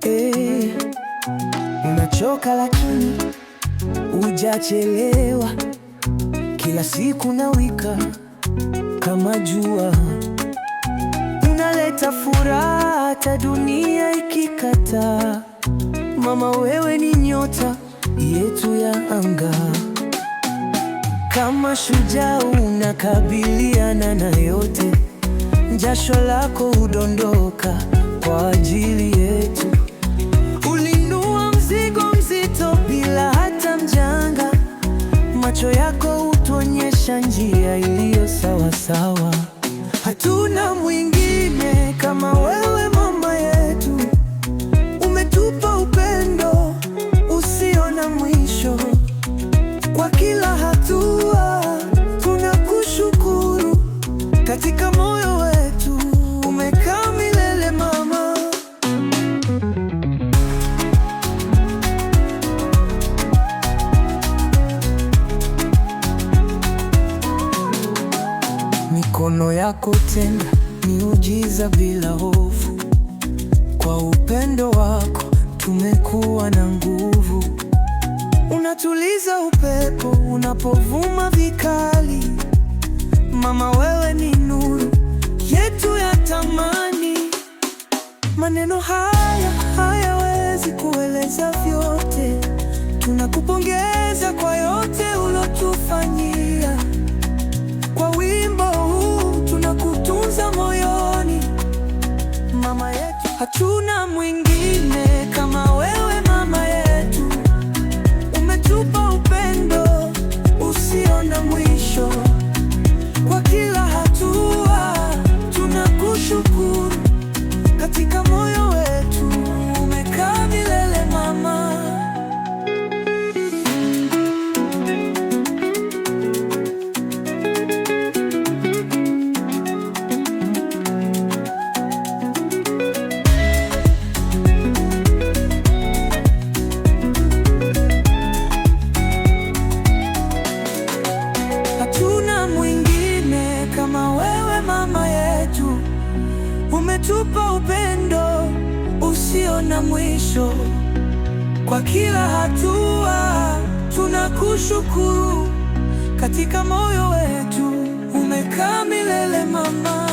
Hey, eh, unachoka lakini ujachelewa kila siku nawika kama jua, unaleta furaha ta dunia ikikataa. Mama, wewe ni nyota yetu ya anga. Kama shujaa unakabiliana na yote, jasho lako hudondoka kwa ajili yetu. Ulinua mzigo mzito bila hata mjanga, macho yako hutuonyesha njia iliyo sawasawa. Hatuna mwingine kama wewe. Mikono yako tenda miujiza bila hofu, kwa upendo wako tumekuwa na nguvu. Unatuliza upepo unapovuma vikali, Mama wewe ni nuru yetu ya tamani. Maneno haya hayawezi kueleza vyote, tunakupongeza kwa yote. hatuna mwingine. umetupa upendo usio na mwisho. Kwa kila hatua tunakushukuru, katika moyo wetu umekaa milele, Mama.